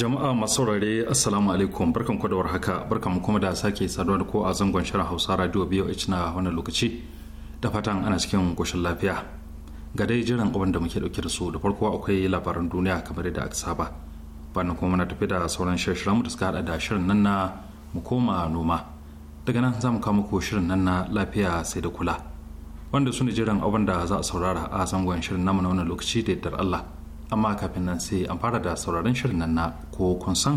jama'a masu saurare assalamu alaikum barkan ku da warhaka barkan kuma da sake saduwa da ko a zangon shirin hausa radio boh na wannan lokaci da fatan ana cikin goshin lafiya ga dai jiran abin da muke dauke da su da farko akwai labaran duniya kamar yadda aka saba bana kuma muna tafi da sauran shirin mu da suka hada da shirin nan na mu koma noma daga nan zamu mu kawo muku shirin nan na lafiya sai da kula wanda su ne jiran abin da za a saurara a zangon shirin namu na wannan lokaci da yaddar Allah amma kafin nan sai an fara da sauraron shirin nan na ko kun san.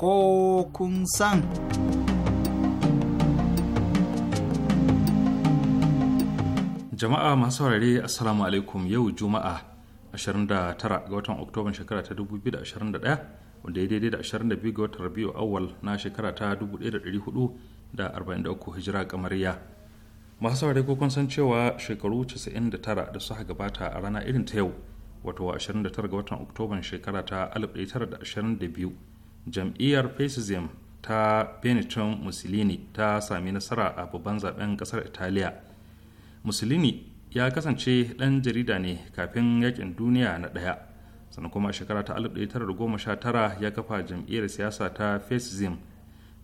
Ko kun san. Jama'a masu saurare Assalamu alaikum yau Juma'a 29 ga watan Oktoban shekara ta 2021 wanda ya daidai da 22 ga watan rabiu awal na shekara ta 1443 hijira kamariya masu saurari ko kun san cewa shekaru 99 da suka gabata a rana irin ta yau wato 29 ga watan oktoban shekara ta 1922 jam'iyyar fascism ta benito mussolini ta sami nasara a babban zaben kasar italiya mussolini ya kasance ɗan jarida ne kafin yakin duniya na ɗaya sannan kuma a shekara ta 1919 ya kafa jam'iyyar siyasa ta fascism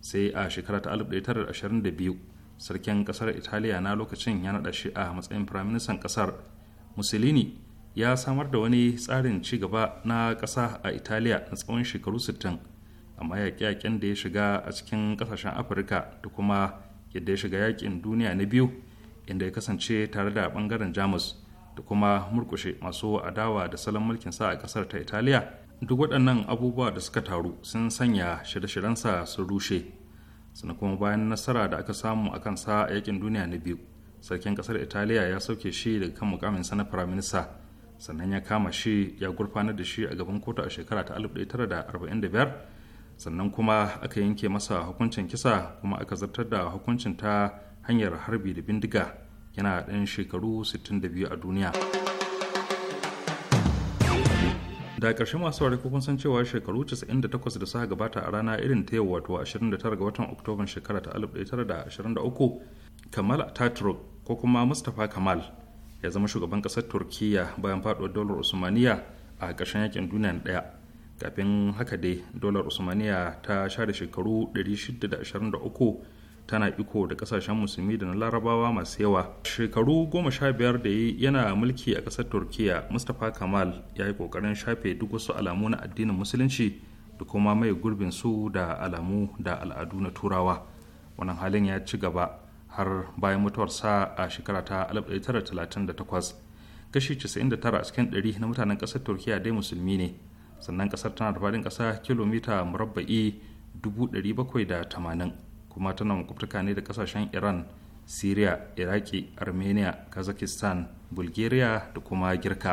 sai a shekara ta 1922 sarkin kasar italiya na lokacin ya naɗa shi a matsayin firaministan kasar musulini ya samar da wani tsarin ci gaba na ƙasa a italiya na tsawon shekaru 60 amma yaƙe-yaƙen da ya shiga a cikin ƙasashen afirka da kuma yadda ya shiga yaƙin duniya na biyu inda ya kasance tare da ɓangaren jamus da kuma murkushe masu adawa da salon mulkin sa a ƙasar ta italiya duk waɗannan abubuwa da suka taru sun sanya shirye-shiryensa sun rushe sannan kuma bayan nasara da aka samu a sa a yakin duniya na biyu sarkin kasar italiya ya sauke shi daga kan mukaminsa na firaminista sannan ya kama shi ya gurfanar da shi a gaban kotu a shekara ta 1945 sannan kuma aka yanke masa hukuncin kisa kuma aka zartar da hukuncin ta hanyar harbi da bindiga yana ɗan shekaru 62 a duniya. da ƙarshe masu wari kun san cewa shekaru 98 da suka gabata a rana irin ta yau wato 29 ga watan oktoban shekara ta 1923 kamal ataturk ko kuma mustapha kamal ya zama shugaban ƙasar turkiyya bayan faɗuwar dolar usmaniya a ƙarshen yakin duniya na ɗaya kafin haka dai dolar usmaniya ta share shekaru 623 tana iko da kasashen musulmi da na larabawa masu yawa shekaru goma sha biyar da yana mulki a ƙasar turkiya mustapha kamal ya yi ƙoƙarin shafe duk wasu alamu na addinin musulunci da kuma mai gurbin su da alamu da al'adu na turawa wannan halin ya ci gaba har bayan mutuwarsa a shekara ta 1938 kashi 99 cikin 100 na mutanen ƙasar turkiya dai musulmi ne sannan ƙasar tana da faɗin ƙasa kilomita murabba'i 780 kuma tana makwabtaka ne da kasashen iran syria iraki armenia kazakhstan bulgaria da kuma girka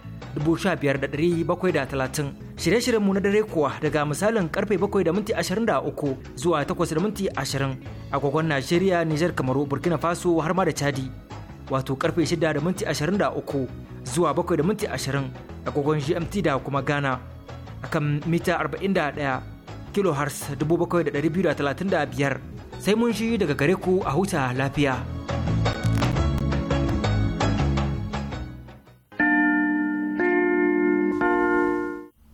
15730. Shirye-shiryenmu na dare kuwa daga misalin karfe 7 da minti zuwa 8 da minti 20 Najeriya, Nijar, Kamaru, Burkina Faso har ma da Chadi. Wato karfe 6:23 zuwa 7 da minti 20 GMT da kuma Ghana. Akan mita 41 kilohertz 7235 sai mun shi daga gare ku a huta lafiya.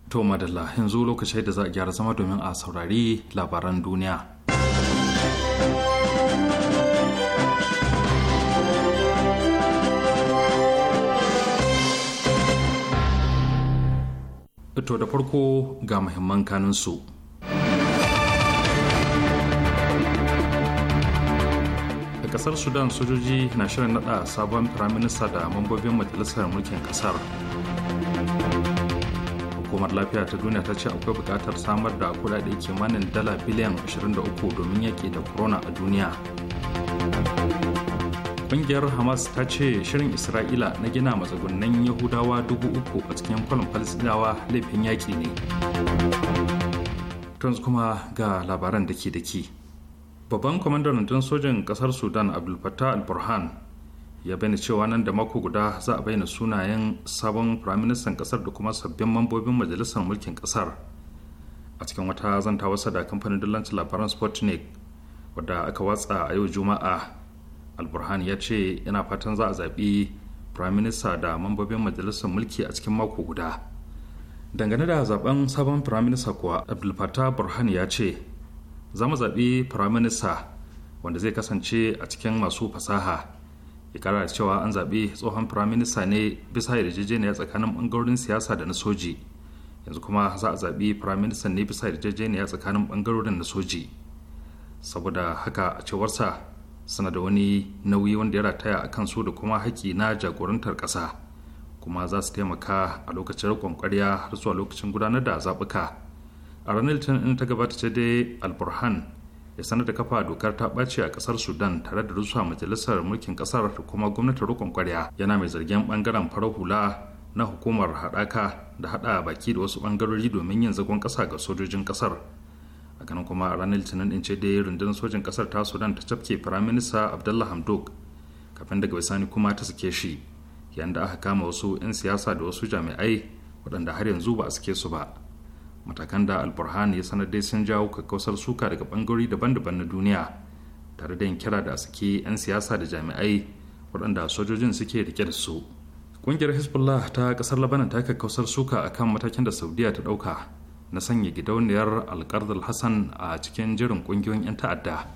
To madalla yanzu lokacin da za a gyara zama domin a saurari labaran duniya. To da farko ga muhimman kaninsu. A ƙasar Sudan sojoji na shirin nada sabon firaminista da mambobin majalisar mulkin ƙasar. hukumar lafiya ta duniya ta ce akwai buƙatar samar da kudade kimanin dala biliyan 23 domin yaƙi da corona a duniya ƙungiyar hamas ta ce shirin isra'ila na gina matsugunan yahudawa dubu uku a cikin kwalin falasɗinawa laifin yaƙi ne tunz kuma ga labaran da ke da ke babban kwamandan sojan ƙasar sudan abdulfatah al-burhan ya bayyana cewa nan da mako guda za a bayyana sunayen sabon firaministan kasar da kuma sabbin mambobin majalisar mulkin kasar a cikin wata zanta wasa da kamfanin dillancin labaran sputnik wadda aka watsa a yau juma'a alburhan ya ce yana fatan za a zaɓi firaminista da mambobin majalisar mulki a cikin mako guda dangane da zaben sabon firaminista kuwa abdulfata burhan ya ce za mu zaɓi firaminista wanda zai kasance a cikin masu fasaha ya kara da cewa an zaɓi tsohon firaminista ne bisa yarjejeniya tsakanin ɓangarorin siyasa da na soji yanzu kuma za a zaɓi firaministan ne bisa yarjejeniya tsakanin ɓangarorin na soji saboda haka a cewarsa suna da wani nauyi wanda ya rataya a kansu da kuma haƙƙi na jagorantar ƙasa kuma za su taimaka a lokacin riƙon ƙwarya har zuwa lokacin gudanar da zaɓuka a ranar litinin ta gabata ce dai alburhan ya sanar da kafa dokar ta ɓace a ƙasar sudan tare da rusa majalisar mulkin ƙasar da kuma gwamnatin rukun kwarya yana mai zargin ɓangaren farar hula na hukumar haɗaka da haɗa baki da wasu ɓangarori domin yin zagon ƙasa ga sojojin ƙasar a ganin kuma a ranar litinin ɗin ce ya rundunar sojin ƙasar ta sudan ta cafke firaminista abdullah hamdok kafin daga bisani kuma ta sake shi yayin da aka kama wasu 'yan siyasa da wasu jami'ai waɗanda har yanzu ba a sake su ba matakan da alburhan ya sanar dai sun jawo kakkausar suka daga bangarori daban-daban na duniya tare da yin kira da suke 'yan siyasa da jami'ai waɗanda sojojin suke rike da su ƙungiyar hezbollah ta ƙasar labanan ta kakkausar suka akan matakin da saudiya ta ɗauka na sanya gidauniyar alƙardar hassan a cikin jirin ƙungiyoyin 'yan ta'adda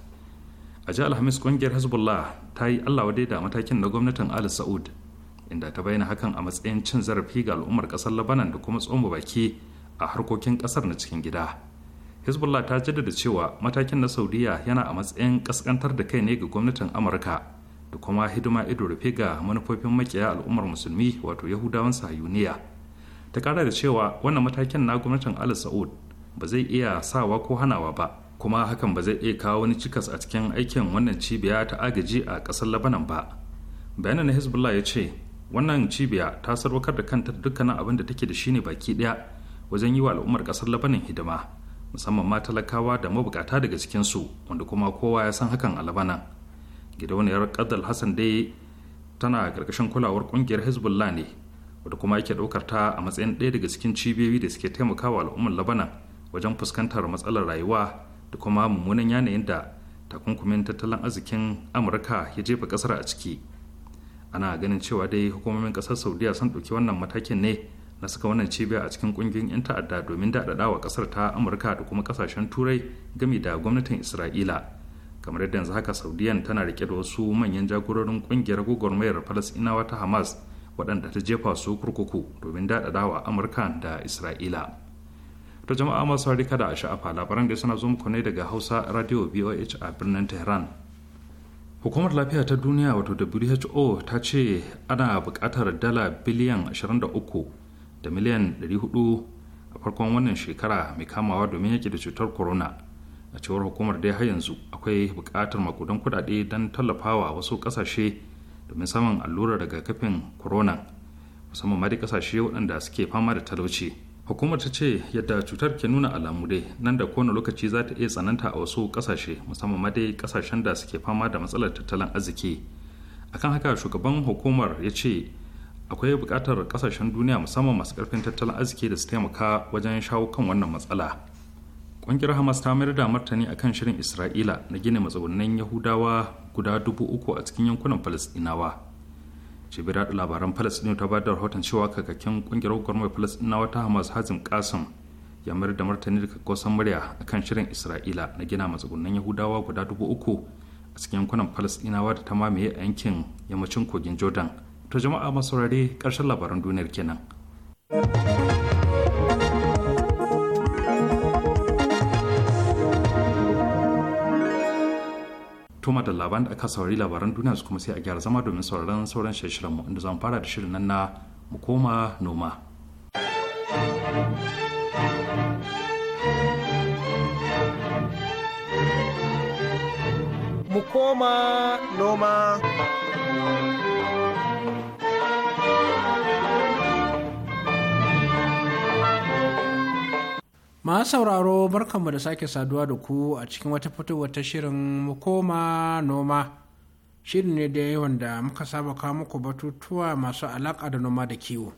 a ji alhamis ƙungiyar hezbollah ta yi allah wadai da matakin na gwamnatin ali sa'ud inda ta bayyana hakan a matsayin cin zarafi ga al'ummar ƙasar labanan da kuma tsoma baki a harkokin kasar na cikin gida hezbollah ta jaddada cewa matakin na saudiya yana a matsayin kaskantar da kai ne ga gwamnatin amurka da kuma hidima ido rufe ga manufofin makiya al'ummar musulmi wato yahudawan sahayuniya ta kara da cewa wannan matakin na gwamnatin al saud ba zai iya sawa ko hanawa ba kuma hakan ba zai iya kawo wani cikas a cikin aikin wannan cibiya ta agaji a ƙasar labanan ba bayanin na hezbollah ya ce wannan cibiya ta sarwakar da kanta dukkanin abin da take da shi ne baki ɗaya wajen yi wa al'ummar kasar labanin hidima musamman ma talakawa da mabukata daga cikinsu wanda kuma kowa ya san hakan a labanan gidauniyar kadal hassan dai tana karkashin kulawar ƙungiyar hezbollah ne wadda kuma yake ɗaukar ta a matsayin ɗaya daga cikin cibiyoyi da suke taimakawa al'ummar labanan wajen fuskantar matsalar rayuwa da kuma mummunan yanayin da takunkumin tattalin arzikin amurka ya jefa ƙasar a ciki ana ganin cewa dai hukumomin ƙasar saudiya sun ɗauki wannan matakin ne na saka wannan cibiya a cikin kungiyoyin 'yan ta'adda domin daɗaɗa wa ƙasar ta amurka da kuma ƙasashen turai gami da gwamnatin isra'ila kamar yadda yanzu haka saudiyan tana rike da wasu manyan jagororin ƙungiyar gwagwarmayar falasɗinawa ta hamas waɗanda ta jefa su kurkuku domin daɗaɗa wa amurka da isra'ila ta jama'a masu harika da a sha'afa labaran da suna zo muku ne daga hausa radio voh a birnin tehran hukumar lafiya ta duniya wato who ta ce ana bukatar dala biliyan 23 da miliyan 400 a farkon wannan shekara mai kamawa domin yake da cutar corona a cewar hukumar dai har yanzu akwai buƙatar makudan kudade don tallafawa wasu kasashe domin samun allurar kafin corona musamman ma dai ƙasashe waɗanda suke fama da talauci hukumar ta ce yadda cutar ke nuna alamu dai nan da kowane lokaci za ta iya tsananta a wasu kasashe musamman ma dai ƙasashen da suke fama da matsalar tattalin arziki akan haka shugaban hukumar ya ce akwai bukatar kasashen duniya musamman masu karfin tattalin arziki da su taimaka wajen shawo kan wannan matsala ƙungiyar hamas ta mayar da martani akan shirin isra'ila na gina matsugunan yahudawa guda dubu uku a cikin yankunan falastinawa cibiyar yaɗa labaran falastinu ta bada rahoton cewa kakakin ƙungiyar gwamnatin falastinawa ta hamas hazim kasim ya mayar da martani da kakkosan murya akan shirin isra'ila na gina matsugunan yahudawa guda dubu uku a cikin yankunan falastinawa da ta mamaye a yankin yammacin kogin jordan to jama'a masaurare ƙarshen labaran duniyar kenan. tuma da labaran da aka saurari labaran duniya su kuma sai a gyara zama domin sauraron sauran shirin mu inda zan fara da shirin nan na mu koma noma mu koma noma Ma sauraro barkanmu da sake saduwa da ku a cikin wata fitowar ta shirin koma noma shirin ne da yawan da muka saba kawo muku batutuwa masu alaƙa da noma da kiwo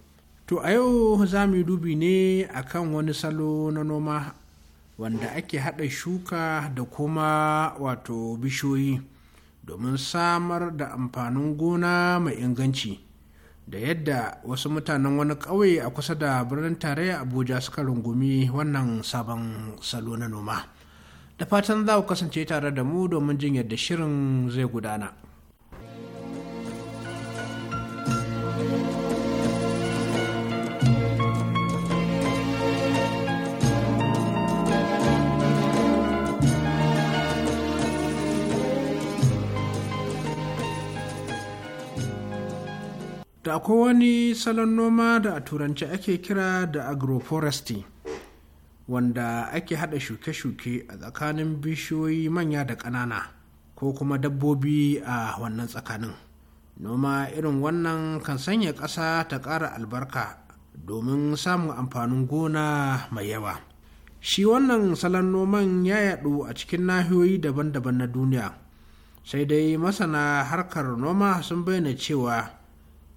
to a yau za mu yi dubi ne a kan wani salo na noma wanda ake haɗa shuka da kuma wato bishiyoyi domin samar da amfanin gona mai inganci da yadda wasu mutanen wani ƙauye a kusa da birnin tarayya abuja suka rungumi wannan sabon salo na noma da fatan za ku kasance tare da mu domin jin yadda shirin zai gudana. da akwai wani salon noma da a turanci ake kira da agroforestry wanda ake hada shuke-shuke a tsakanin bishiyoyi manya da ƙanana ko kuma dabbobi a wannan tsakanin noma irin wannan kan sanya ƙasa ta ƙara albarka domin samun amfanin gona mai yawa shi wannan salon noman ya yaɗu a cikin nahiyoyi daban-daban na duniya sai dai masana harkar noma sun bayyana cewa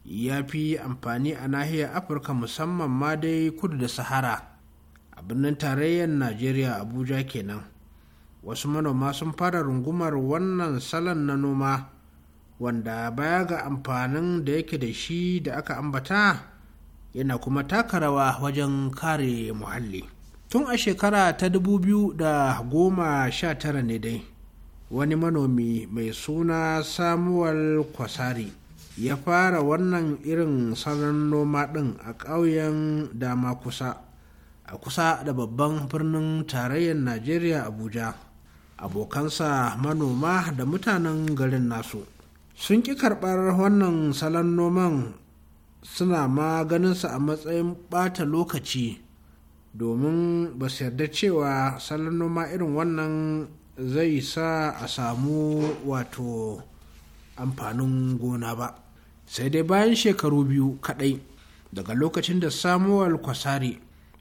ya fi amfani a nahiyar afirka musamman ma dai kudu da sahara a birnin tarayyar najeriya abuja kenan wasu manoma sun fara rungumar wannan salon na noma wanda baya ga amfanin da yake da shi da aka ambata yana kuma taka rawa wajen kare muhalli tun a shekara ta dubu biyu da goma sha tara ne dai wani manomi mai suna Samuwar kwasari ya fara wannan irin salon noma ɗin a ƙauyen dama kusa a kusa da babban birnin tarayyar najeriya abuja abokansa manoma da mutanen garin nasu sun ƙi karɓar wannan salon noman suna ma ganinsa a matsayin ɓata lokaci domin ba su yarda cewa salon noma irin wannan zai sa a samu wato amfanin gona ba sai dai bayan shekaru biyu kaɗai daga lokacin da samuel kwasari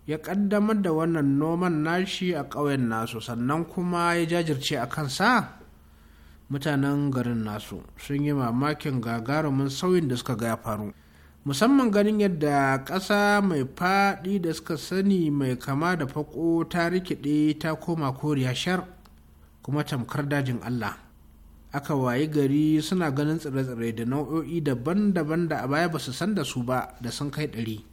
ya ƙaddamar da wannan noman nashi a ƙauyen nasu sannan kuma ya jajirce a kansa mutanen garin nasu sun yi mamakin gagarumin sauyin da suka ga ya faru musamman ganin yadda ƙasa mai faɗi da suka sani mai kama da faƙo ta rikide ta koma koriya shar kuma tamkar dajin allah aka wayi gari suna ganin tsire-tsire da nau'o'i daban-daban da a baya ba su san da su ba da sun kai ɗari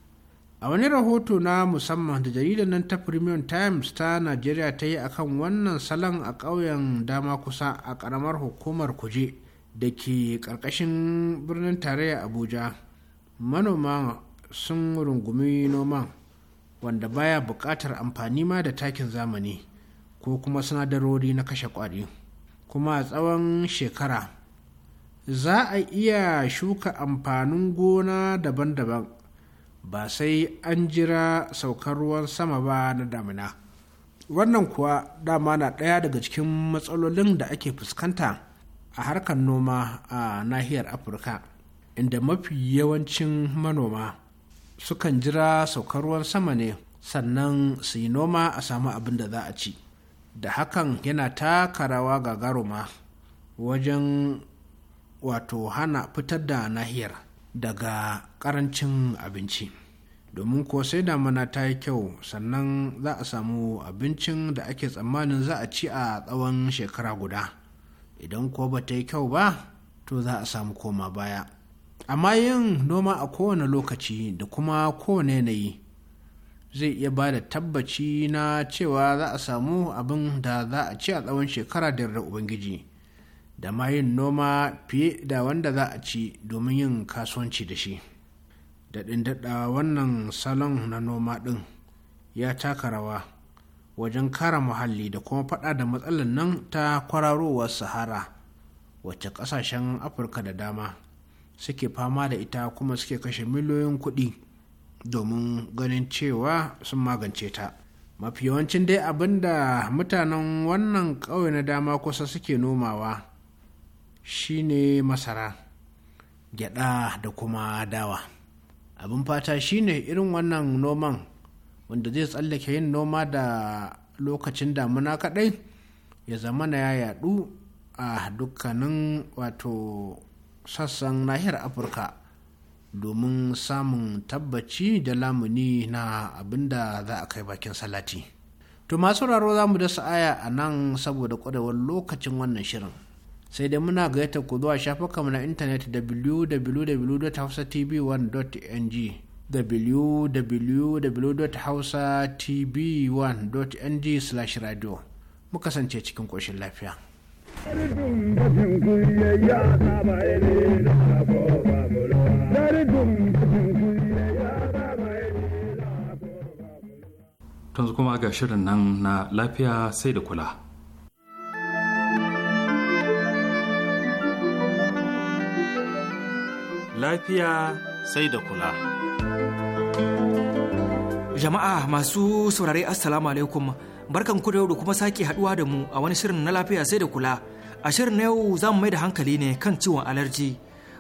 a wani rahoto na musamman da jaridar nan ta premium times ta najeriya ta yi akan wannan salon a ƙauyen dama kusa a ƙaramar hukumar kuje da ke ƙarƙashin birnin tarayya abuja manoma sun rungumi noman wanda baya buƙatar amfani ma da takin zamani ko kuma sinadarori na kashe ƙwari. kuma tsawon shekara za a iya shuka amfanin gona daban-daban ba sai an jira saukar ruwan sama ba na damina wannan kuwa dama na ɗaya daga cikin matsalolin da ake fuskanta a harkar noma a nahiyar afirka inda mafi yawancin manoma sukan jira saukar ruwan sama ne sannan su yi noma a samu abin da za a ci da hakan yana taka rawa gagaruma wajen wato hana fitar da nahiyar daga karancin abinci domin ko sai damana ta yi kyau sannan za a samu abincin da ake tsammanin za a ci a tsawon shekara guda idan ko ba ta yi kyau ba to za a samu koma baya amma yin noma a kowane lokaci da kuma kowane yanayi zai iya ba da tabbaci na cewa za a samu abin da za a ci a tsawon shekara da yarda ubangiji da ma yin noma fiye da wanda za a ci domin yin kasuwanci da shi daɗin daɗa wannan salon na noma ɗin ya taka rawa wajen kara muhalli da kuma faɗa da matsalar nan ta kwararowar sahara wacce ƙasashen afirka da dama suke fama da ita kuma suke kashe miliyoyin kuɗi domin ganin cewa sun magance ta mafi yawancin dai abin da mutanen wannan ƙauye na dama kusa suke nomawa shine masara gyada da kuma dawa abin fata shine irin wannan noman wanda zai tsallake yin noma da lokacin damuna kaɗai ya zama na ya yaɗu a dukkanin wato sassan nahiyar afirka domin samun tabbaci da lamuni na abinda za a kai bakin salati. To masu raro za mu da aya a nan saboda kwarewar lokacin wannan shirin. Sai dai muna gayyata ku zuwa shafukanmu na intanet www.hausatv1.ng www.hausatv1.ng/radio mu kasance cikin koshin lafiya. na yanzu kuma ga shirin nan na lafiya sai da kula. Lafiya sai da kula. Jama'a masu saurare Assalamu alaikum barkan ku da yau da kuma sake haduwa da mu a wani shirin na lafiya sai da kula. A shirin na yau za mu mai da hankali ne kan ciwon alerji.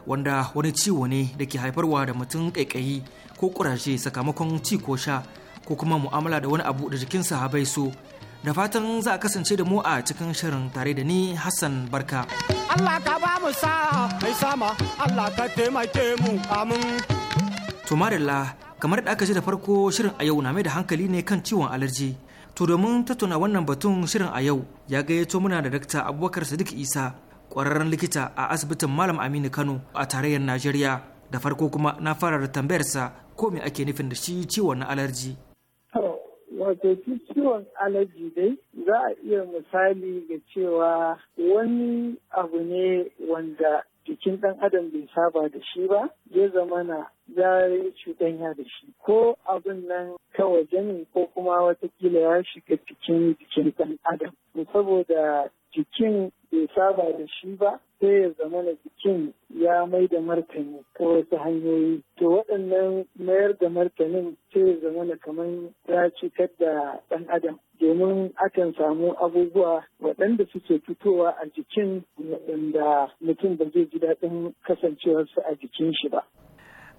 wanda wani ciwo ne da ke haifarwa da mutum kaikayi ko ƙuraje sakamakon ci ko sha ko kuma mu'amala da wani abu da jikinsa bai so da fatan za a kasance da mu a cikin shirin tare da ni hassan barka allah ka ba mu mai sama allah ka taimake mu amin to marilla kamar da aka ji da farko shirin a yau na mai da hankali ne kan ciwon alerji to domin tattauna wannan batun shirin a yau ya gayyato muna da dakta abubakar sadiq isa kwararren likita a asibitin malam aminu kano a tarayyar najeriya da farko kuma na fara da tambayarsa ko me ake nufin da shi ciwon na alarji wato ciwon alaji dai za a iya misali ga cewa wani abu ne wanda jikin ɗan adam bai saba da shi ba ya zamana ya yi ya da shi ko abin nan ta waje ne ko kuma watakila ya shiga cikin jikin ɗan adam saboda jikin bai saba da shi ba sai ya zama na jikin ya mai da martani ta wasu hanyoyi to waɗannan mayar da martanin sai ya zama da kamar ya cutar da ɗan adam domin akan samu abubuwa waɗanda suke fitowa a jikin waɗanda mutum ba zai ji daɗin kasancewarsu a jikin shi ba.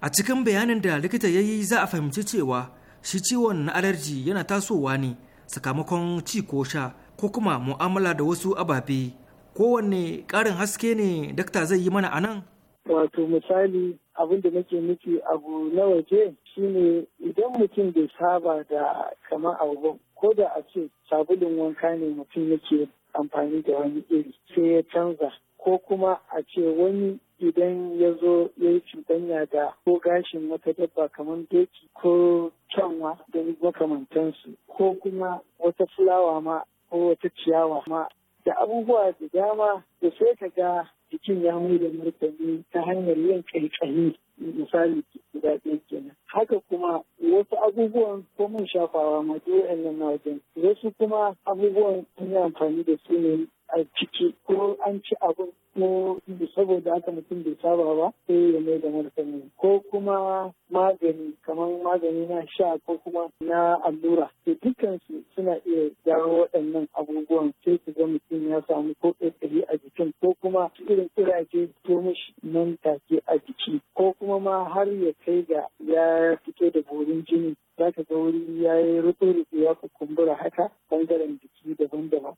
A cikin bayanin da likita ya yi za a fahimci cewa shi ciwon na alerji yana tasowa ne sakamakon ci ko sha ko kuma mu'amala da wasu ababe kowanne ƙarin haske ne dakta zai yi mana a nan? Wato misali abin da nake nufi abu na waje shine idan mutum bai saba da kamar abu ko da a ce sabulun wanka ne mutum yake amfani da wani iri sai ya canza ko kuma a ce wani idan ya zo ya yi cuɗanya da ko gashin wata dabba kamar doki ko kyanwa da makamantansu ko kuma wata fulawa ma ko wata ciyawa ma da abubuwa da dama da sai ka ga jikin ya mai da martani ta hanyar yin kaikayi misali guda ɗaya kenan haka kuma wasu abubuwan ko man shafawa ma duk na wajen wasu kuma abubuwan sun yi amfani da su ne a ciki ko an ci abin ko saboda haka mutum bai saba ba sai ya mai da martani ko kuma magani kamar magani na sha ko kuma na allura to dukansu suna iya jawo waɗannan abubuwan sai su ga mutum ya samu ko ƙirƙiri a jikin ko kuma irin ƙirage ko mishi nan take a jiki ko kuma ma har ya kai ga ya fito da borin jini za ka ga wuri ya yi rufe-rufe ya kumbura haka bangaren jiki daban-daban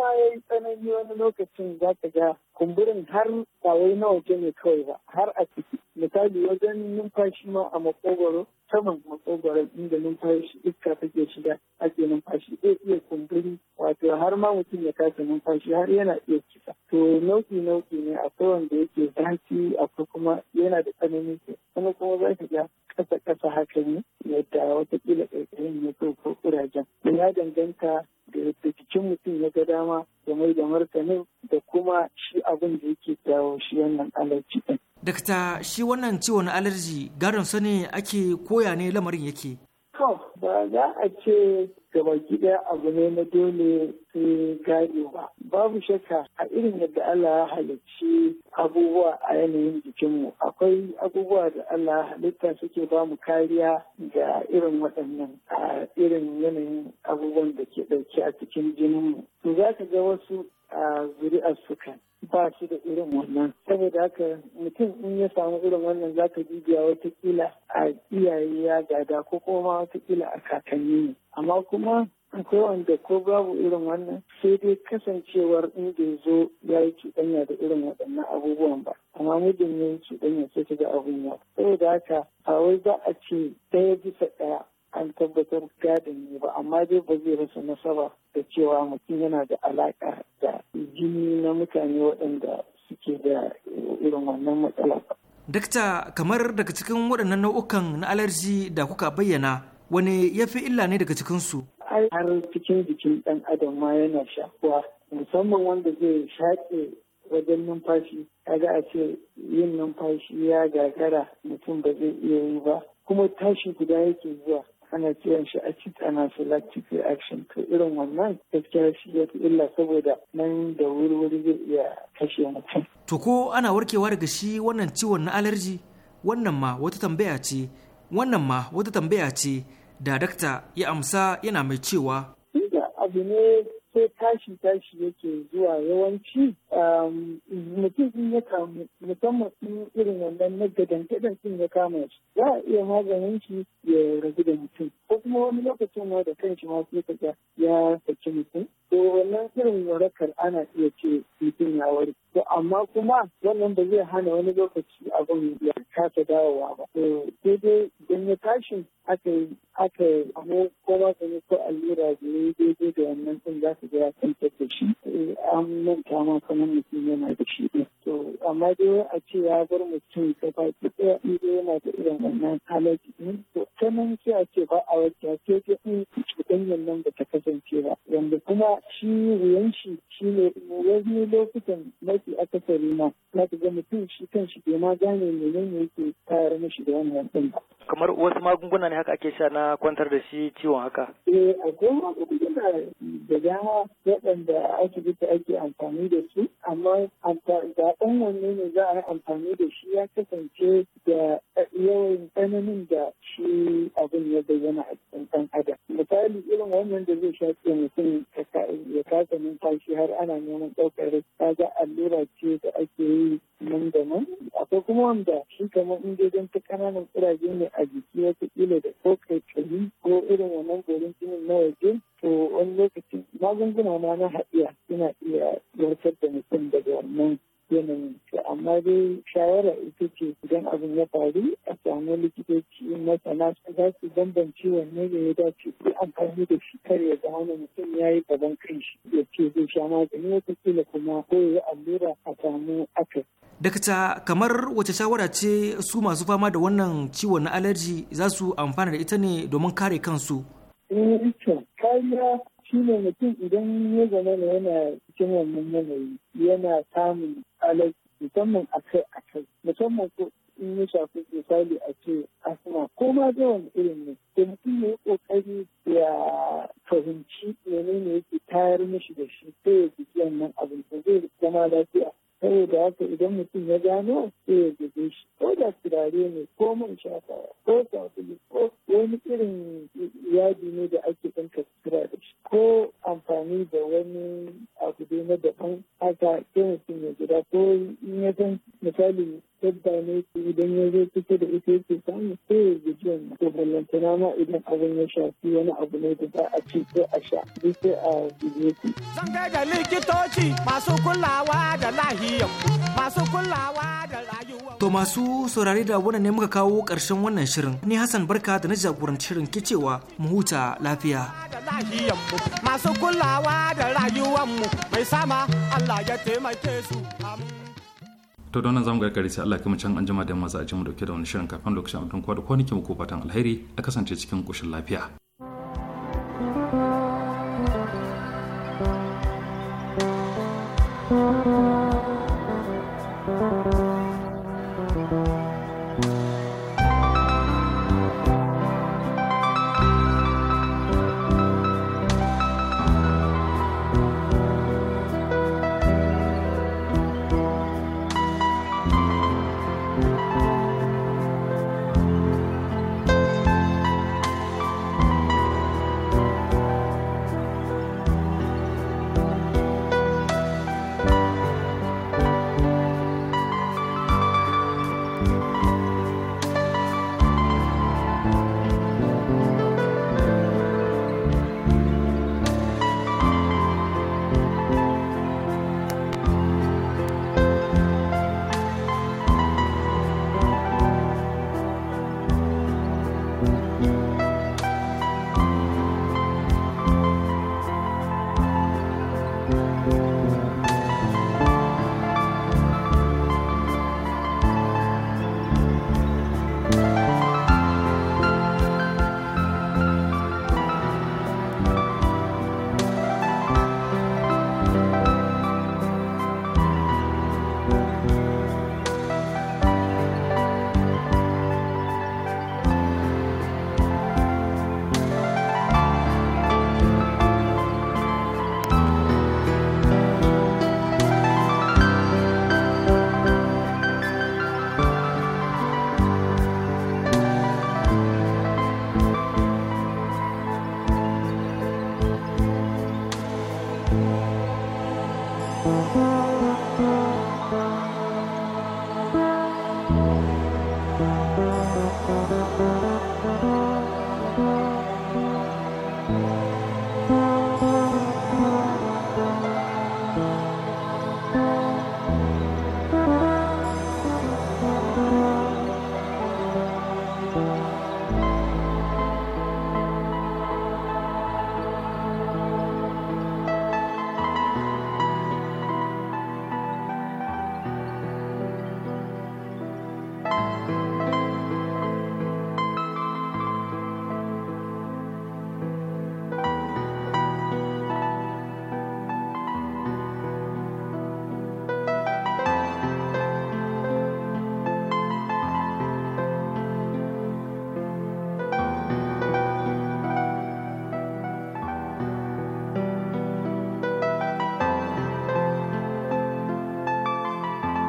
ma ya yi tsanani wani lokacin za ka ga kumburin har ba na waje ne kawai ba har a ciki misali wajen numfashi ma a makogoro saman makogoron inda numfashi iska take shiga ake numfashi zai iya kumburi wato har ma mutum ya kasa numfashi har yana iya cika to nauki-nauki ne akwai wanda yake zafi akwai kuma yana da tsanani wani kuma za ka ga kasa kasa haka ne yadda watakila ƙirƙirin ya ko kurajen ya danganta da jikin mutum ya ga dama da mai da martanin da kuma shi abin da yake jawo shi wannan alerji din. Dakta shi wannan ciwon alerji gadon sani ake koya ne lamarin yake. To ba za a ce gabaki daya abu ne na dole sai ba. babu shakka a irin yadda Allah ya halicci abubuwa a yanayin jikinmu akwai abubuwa da Allah ya halitta suke ba mu kariya ga irin waɗannan a irin yanayin abubuwan da ke ɗauki a cikin jininmu za ka ga wasu a zuri'ar suka ba shi da irin wannan saboda haka mutum in ya samu irin wannan za ka jijiya watakila a iyaye ya gada ko kuma watakila a kakanni ne amma kuma akwai wanda ko babu irin wannan sai dai kasancewar in da ya zo ya yi cuɗanya da irin waɗannan abubuwan ba amma mijin ya yi cuɗanya sai ta ga abubuwa saboda haka a wai za a ce ɗaya bisa ɗaya an tabbatar gadin ne ba amma dai ba zai rasa nasaba da cewa mutum yana da alaƙa da jini na mutane waɗanda suke da irin wannan matsala. Dakta kamar daga cikin waɗannan nau'ukan na alarji da kuka bayyana wani ya fi illa ne daga cikinsu? Har cikin jikin ɗan adam ma yana shakuwa musamman wanda zai shaƙe wajen numfashi kaga a ce yin numfashi ya gagara mutum ba zai iya yi ba kuma tashi guda yake zuwa ana kiran shi a ana anaphylactic reaction to irin wannan gaskiya shi ya fi illa saboda nan da wuri-wuri zai iya kashe mutum. To ko ana warkewa daga shi wannan ciwon na alerji? Wannan ma wata tambaya ce, wannan ma wata tambaya ce da dakta ya amsa yana mai cewa. Ina abu ne sai tashi tashi yake zuwa yawanci um, mutum in ya kamu musamman in irin wannan na gadan gadan ya kama shi za a iya maganin shi ya ragu da mutum ko kuma wani lokacin ma da kan ma sai ka ya saki mutum to wannan irin warakar ana iya ce mutum ya wari to amma kuma wannan ba zai hana wani lokaci abin ya kasa dawowa ba to sai dai idan ya tashi aka yi aka yi amma ko ma sani ko allura da ya daidai da wannan sun za su ga ya kwantar da shi eh, an manta ma kamar mutum yana da shi ɗin to amma dai a ce ya bar mutum gaba ki ɗaya in dai yana da irin wannan halaji to ta nan sai ce ba a wata ce ta in cuɗanyar nan ba ta kasance ba wanda kuma shi wuyan shi shi ne wani lokutan mafi akasari ma na ga mutum shi kan shi ke ma gane ne yake tayar mashi da wannan ɗin ba. kamar wasu magunguna ne haka ake sha na kwantar da shi ciwon haka. eh akwai magunguna da dama waɗanda asibiti ake amfani da su amma zaɓen wanne ne za a yi amfani da shi ya kasance da yawan tsananin da shi abin ya bayyana a cikin ɗan adam misali irin wannan da zai shafe mutum ya kasa numfashi har ana neman ɗaukar kaga allura ce da ake yi nan da nan akwai kuma wanda shi kamar in dai don ta ƙananan kuraje ne a jiki wata kila da ko kai ko irin wannan gorin jinin na waje to wani lokaci magunguna ma na haɗiya suna iya warkar da mutum daga wannan yanayin amma dai shawara ita ce idan abin ya faru a samu likitoci masana su za su bambance wanne ne ya dace ko amfani da shi kar ya zama na mutum ya yi gaban kanshi ya ce zai sha magani kila kuma ko ya allura a samu aka. Dakta kamar wace shawara ce su masu fama da wannan ciwon na alerji za su amfana da ita ne domin kare kansu? Eh, shi ne mutum idan ya zama yana cikin wannan yanayi yana samun alaƙi musamman a kai a kai musamman ko in ya shafi misali a ce asma ko ma da wani irin ne da mutum ya yi kokari ya fahimci menene yake tayar mishi da shi sai ya ji nan abin da zai zama lafiya saboda haka idan mutum ya gano sai ya guje shi ko da turare ne ko man shafawa ko sabulu ko wani irin yadi ne da ake ɗan kastura da ko amfani da wani abu dai na daban haka kyan su ne gida ko in ya san misali tabba ne idan ya zo kusa da ita yake samu sai ya guji wannan to ballantana ma idan abin ya shafi wani abu ne da za a ci ko a sha duk sai a guje su. zan da likitoci masu kulawa da lahiyar masu kulawa To masu saurari da wannan ne muka kawo ƙarshen wannan shirin. Ni hasan Barka da na jagoranci shirin ke cewa mu huta lafiya. Masu kulawa da rayuwanmu mai sama Allah ya taimake su. To don zamu gargare sai Allah kuma can an jima da masu a mu dauke da wani shirin kafin lokacin abin kwa da kwanaki mu fatan alheri a kasance cikin koshin lafiya. thank you